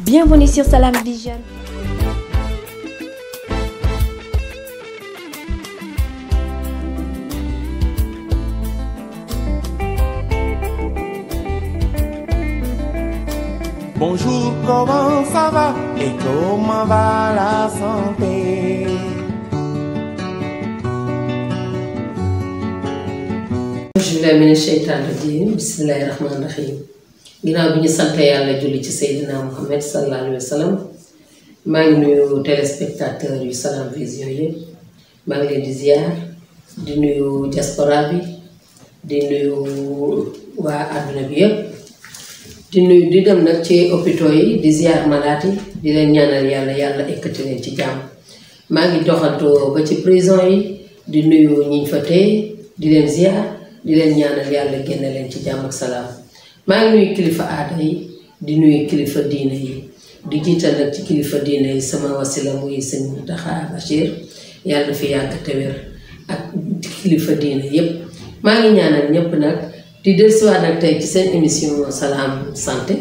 Bienvenue sur Salam Vision. Bonjour, comment ça va et comment va la santé Bismillaahi mina shaytaani rajiim, bismillaahi rahmaani rahiim ginnaaw bi ñu sant yàlla julli ci Seydina Muhammad sallallahu alayhi maa ngi nuyu téléspectateurs yu Salam Vision yi maa ngi leen di ziar di nuyu diaspora bi di nuyu waa àdduna bi yëpp di nuyu di dem nag ci hôpitaux yi di ziar malade di leen ñaanal yàlla yàlla ekkati leen ci jàmm maa ngi doxantu ba ci prison yi di nuyu ñiñ fa téye di leen ziar di leen ñaanal yàlla génn leen ci jàmm ak salaam. maa ngi nuyu kilifa aada yi di nuyu kilifa diine yi di jiital nag ci kilifa diine yi sama wasila muy sëñ Muntaxa yàlla fi yàgg te ak kilifa diine yépp maa ngi ñaanal ñépp nag di dellusiwaat nag tey ci seen émission Salam Santé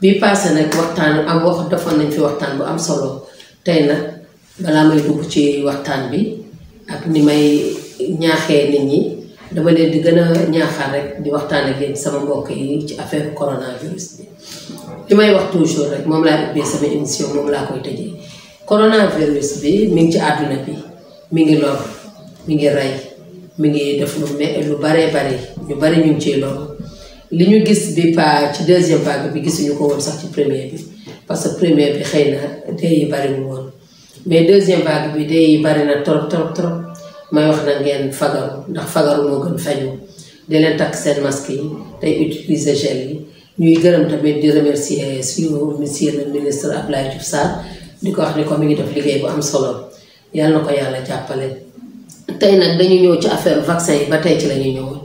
bi passé nag waxtaan am wax defoon nañ fi waxtaan bu am solo tey nag balaa may dugg ci waxtaan bi ak ni may ñaaxee nit ñi dama leen di gën a ñaaxaar rek di waxtaan ak yéen sama mbokk yi ci affaire coronavirus bi li may wax toujours rek moom laa ubbee sama émission moom laa koy tëjee coronavirus bi mi ngi ci àdduna bi mi ngi lor mi ngi rey mi ngi def lu me lu baree bari ñu bari ñu ngi ciy lor li ñu gis bi pas ci deuxième vague bi gisuñu ko woon sax ci première bi parce que première bi xëy na dee yi bariwul woon mais deuxième vague bi dee yi bari trop trop trop. may wax na ngeen fagaru ndax fagaru moo gën faju di leen takk seen masque yi tey utiliser gel yi ñuy gërëm tamit di remercier suñu monsieur le ministre Abdoulaye Diouf Sarr di ko wax ni ko mi ngi def liggéey bu am solo yàlla na ko yàlla jàppale. tey nag dañu ñëw ci affaire vaccin yi ba tey ci la ñu ñëwoon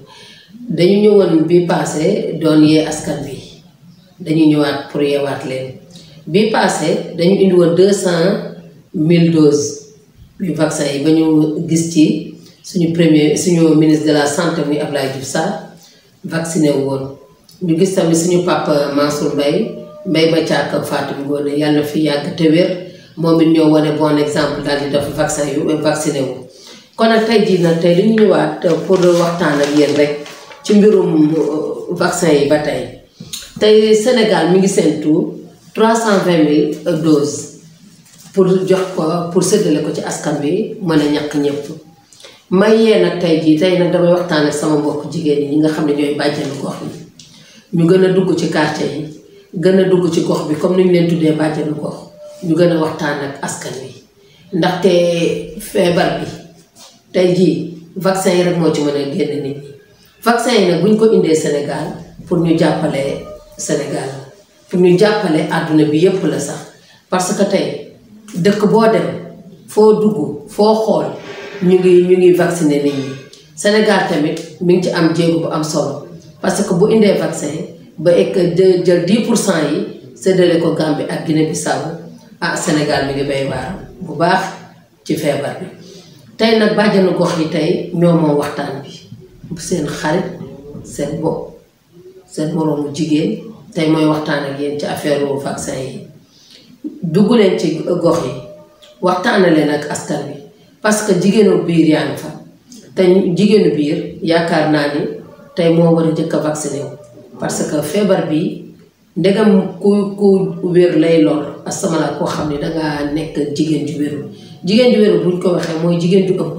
dañu ñëwoon bi paase doon yee askan bi dañu ñëwaat pour yeewaat leen bi paase dañu indi woon deux cent mille doses. yu vaccin yi ba ñu gis ci suñu premier suñu ministre de la santé muy Abdoulaye Diouf Sarr vacciné woon ñu gis tamit suñu papa Mansour Mbaye Mbaye ba caak Fatou Ngoné yàlla fi yàgg te wér moom it ñoo wane bon exemple daal di def vaccin yu vacciné li ñu ñëwaat pour waxtaan ak yéen rek ci mbirum euh, vaccin yi ba tey tey Sénégal mi ngi seentu trois cent vingt mille doses pour jox ko pour séddale ko ci askan bi mën a ñàkk ñëpp may yee nag tey jii tey nag damay waxtaan ak sama mbokk jigéen ñi nga xam ne ñooy bàjjenu gox yi ñu gën a dugg ci quartier yi gën a dugg ci gox bi comme ni ñu leen tuddee bàjjenu gox ñu gën a waxtaan ak askan wi ndaxte feebar bi tey jii vaccin yi rek moo ci mën a génn nit ñi vaccin yi nag bu ñu ko indee Sénégal pour ñu jàppale Sénégal pour ñu jàppale àdduna bi yépp la sax parce que tey dëkk boo dem foo dugg foo xool ñu ngi ñu ngi vacciné nit ñi Sénégal tamit mi ngi ci am jéego bu am solo parce que bu indee vaccin ba ek jël 10 pour cent yi séddale ko Gambie ak Guinée-Bissau ah Sénégal mi ngi bay waaram bu baax ci feebar bi tey nag bàjjenu gox yi tey ñoo moom waxtaan bi seen xarit seen bo seen moroomu jigéen tey mooy waxtaan ak yéen ci affaire vaccin yi dugg leen ci gox yi waxtaana leen ak askan bi parce que jigéenu biir yaa ngi fa te jigéenu biir yaakaar naa ni tey moo war a jëkk a vacciné parce que feebar bi ndegam ku ku wér lay lor asamala koo xam ne dangaa nekk jigéen ju wéru jigéen ju wéru buñ ko waxee mooy jigéen ju ëmb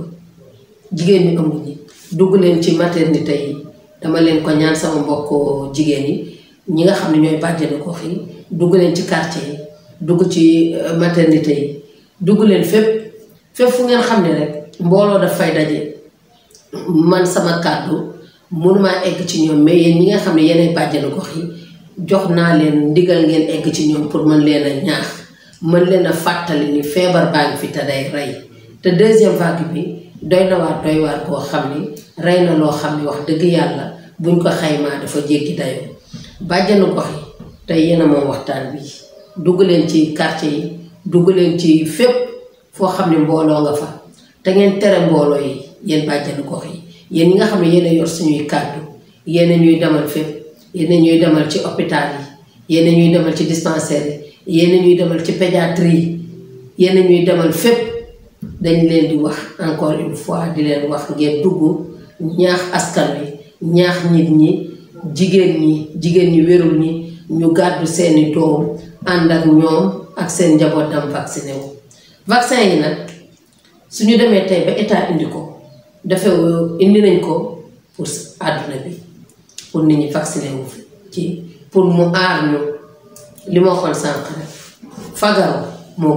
jigéen ñu ëmb ñi dugg leen ci maternité yi dama leen ko ñaan sama mbokk jigéen yi ñi nga xam ne ñooy bàjjenu gox yi dugg leen ci quartier yi dugg ci euh, maternité yi dugg leen fépp fépp fu ngeen xam ne rek mbooloo daf fay daje man sama kàddu mënumaa egg ci ñoom mais ñi nga xam ne yeneen bàjjenu gox yi jox naa leen ndigal ngeen egg ci ñoom pour mën leen a ñaax mën leen a fàttali ni feebar baa fi te day rey te deuxième vague bi doy na waar doy waar koo xam ni rey na loo xam ni wax dëgg yàlla buñ ko xaymaa dafa jékki dayoo bàjjenu gox yi tey yéen waxtaan bi dugg leen ci quartier yi dugg leen ci fépp foo xam ne mbooloo nga fa te ngeen tere mbooloo yi yéen bàjjenu yi yéen ñi nga xam ne yéen yor suñuy kàddu yéen a ñuy demal fépp yéen ñuy demal ci hôpital yi demal ci dispensaire yi ñuy demal ci pédiatrie yi yéen ñuy demal fépp dañ leen di wax encore une fois di leen wax ngeen dugg ñaax askan wi ñaax nit ñi jigéen ñi jigéen ñi wérul ñi ñu gàddu seeni doom ànd ak ñoom ak seen njabootam vacciné wu vaccin yi nag ñu demee tey ba état indi ko dafa indi nañ ko pour àdduna bi pour nit ñi vacciné wu ci pour mu aar li ma waxoon sànq rek fagaru moo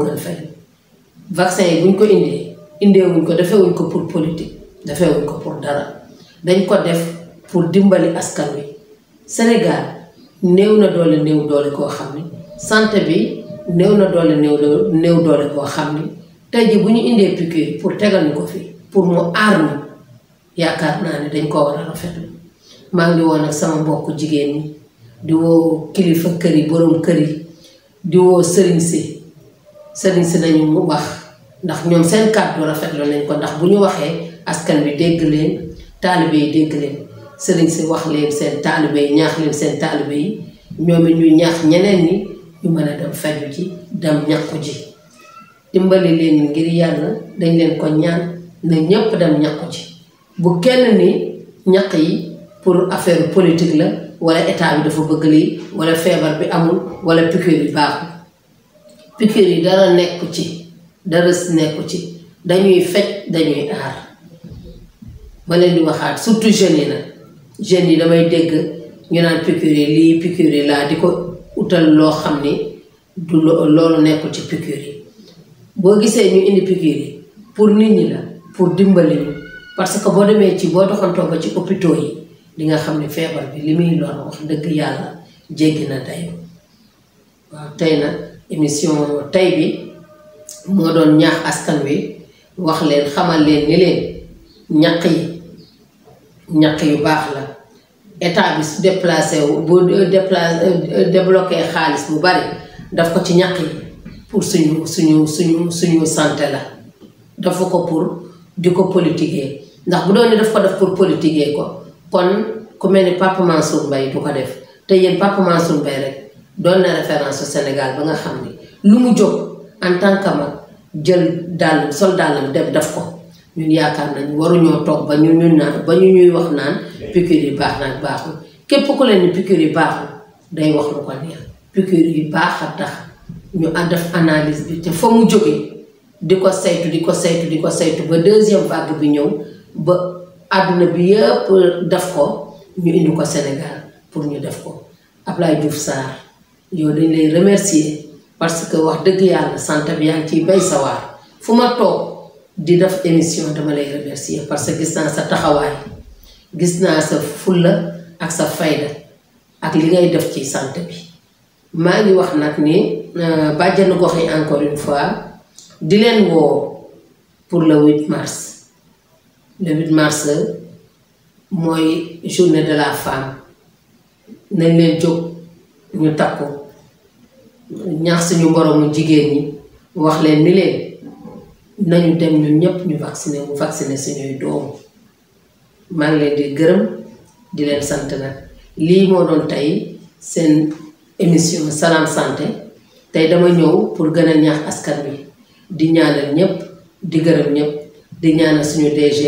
yi buñ ko indee indeewuñ ko defewuñ ko pour politique defewuñ ko pour dara dañ ko def pour dimbali askan wi Sénégal néew na doole néew doole koo xam ne santé bi néew na doole néew néew doole koo xam ni tey ji bu ñu indee piqûre pour tegal ñu ko fii pour mu aar ñu yaakaar naa ne dañ koo war a rafetlu maa ngi woon ak sama mbokk jigéen ñi di woo kilifa kër yi boroom kër yi di woo sëriñ si sëriñ si nañu mu wax ndax ñoom seen rafet rafetlu nañ ko ndax bu ñu waxee askan bi dégg leen taalibe yi dégg leen sëriñ si wax leen seen taalibe yi ñaax leen seen taalibe yi ñoom it ñu ñaax ñeneen ñi ñu mën a dem faju ji dem ñàkku ji dimbali leen ngir yàlla dañ leen ko ñaan na ñépp dem ñàkku ji bu kenn ni ñaq yi pour affaire politique la wala état bi dafa bëgg lii walla feebar bi amul wala pikiir yi baaxul piqûre yi dara nekku ci dara nekku ci dañuy faj dañuy aar ma leen di waxaat surtout jeunes yi nag jeunes yi damay dégg ñu naan piqûre yi lii piqûre yi laa di ko utal loo xam ni du loolu nekkul ci piqûre yi boo gisee ñu indi piqûre yi pour nit ñi la pour dimbali ñu parce que boo demee ci boo doxantoo ba ci hôpitaux yi di nga xam ni feebar bi li muy lor wax dëgg yàlla jéggi na dayoo waaw tey na émission tey bi moo doon ñaax astan wi wax leen xamal leen ni leen ñaq yi ñaq yu baax la état bi su déplacé wu boo euh, déplacé euh, euh, débloqué xaalis bu bari daf ko ci ñaq pour suñu suñu suñu suñu santé la dafa ko pour di ko politiquer ndax bu doon ne daf ko def pour politiquer ko kon ku mel ni Papa bay Mbaye du ko def te yéen Papa Mansour Mbaye rek doon na référence Sénégal ba nga xam ni lu mu jóg en tant que mag jël dàll sol dàllam dem def ko ñun yaakaar nañu waruñoo toog ba ñu ñu naan ba ñu ñuy wax naan piqûre yi baax na baaxul képp ko leen ni piqûre yi baaxul day wax lu ko neex piqûre yi baax a tax ñu def analise bi te fa mu jógee di ko saytu di ko saytu di ko seytu ba deuxième vague bi ñëw ba àdduna bi yépp def ko ñu indi ko Sénégal pour ñu def ko Ablaye Diouf Sarr yow dañ lay remercier parce que wax dëgg yàlla santé bi yaa ngi ciy bay sawar fu ma toog di def émission dama lay remercier parce que gis naa sa taxawaay gis naa sa fulla ak sa fayda ak li ngay def ci santé bi maa ngi wax nag ni euh, bàjjanu gox encore une fois di leen woo pour le 8 mars le 8 mars mooy journée de la femme nañ leen jóg ñu takku ñaax suñu boroomu jigéen ñi wax leen ni leen nañu dem ñun ñëpp ñu vacciné wu vacciné suñuy doom maa ngi leen di gërëm di leen sant nag lii moo doon tey seen émission Salam Santé tey dama ñëw pour gën a ñaax askan wi di ñaanal ñëpp di gërëm ñépp di ñaanal suñu DG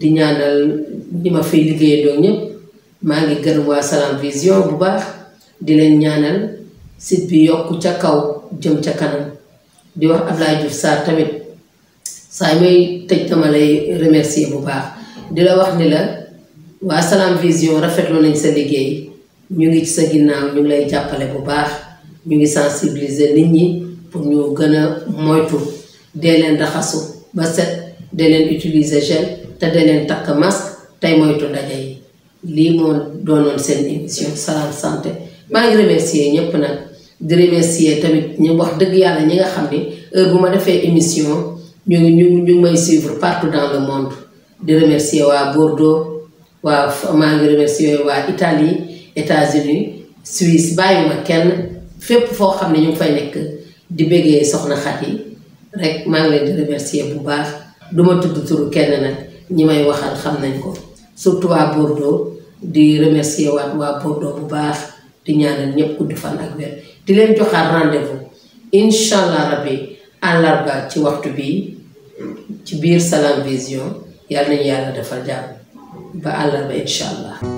di ñaanal ñi ma fiy liggéeyee doo ñëpp maa ngi gërëm waa Salam Vision bu baax di leen ñaanal site bi yokk ca kaw jëm ca kanam di wax Abdoulaye Diouf Sarr tamit saa may tëj dama lay remercier bu baax di la wax ni la waa Salam Vision rafetlu nañ sa liggéey ñu ngi ci sa ginnaaw ñu ngi lay jàppale bu baax ñu ngi sensibiliser nit ñi pour ñu gën a moytu dee leen raxasu ba set dee leen utiliser gel te dee leen takk masque tey moytu ndaje yi lii moo doonoon seen émission Salam Santé maa ngi remercier ñépp nag di remercier tamit ñu wax dëgg yàlla ñi nga xam ne heure bu ma defee émission ñu ñu ngi may suivre partout dans le monde di remercier waa Bordeaux waa maa ngi remercier waa Italie États-Unis Suisse bàyyi ma kenn fépp foo xam ne ñu ngi nekk di bëggee soxna xat yi rek maa ngi leen di remercier bu baax du ma tudd turu kenn nag ñi may waxal xam nañ ko surtout waa Bordeaux di remercier waat waa Bordeaux bu baax di ñaanal ñëpp gudd fan ak wér di leen joxaat rendez-vous incha allah bi àllarba ci waxtu bi ci biir Salam Vision yàlla nañ yàlla defal jàmm ba àllarba incha allah.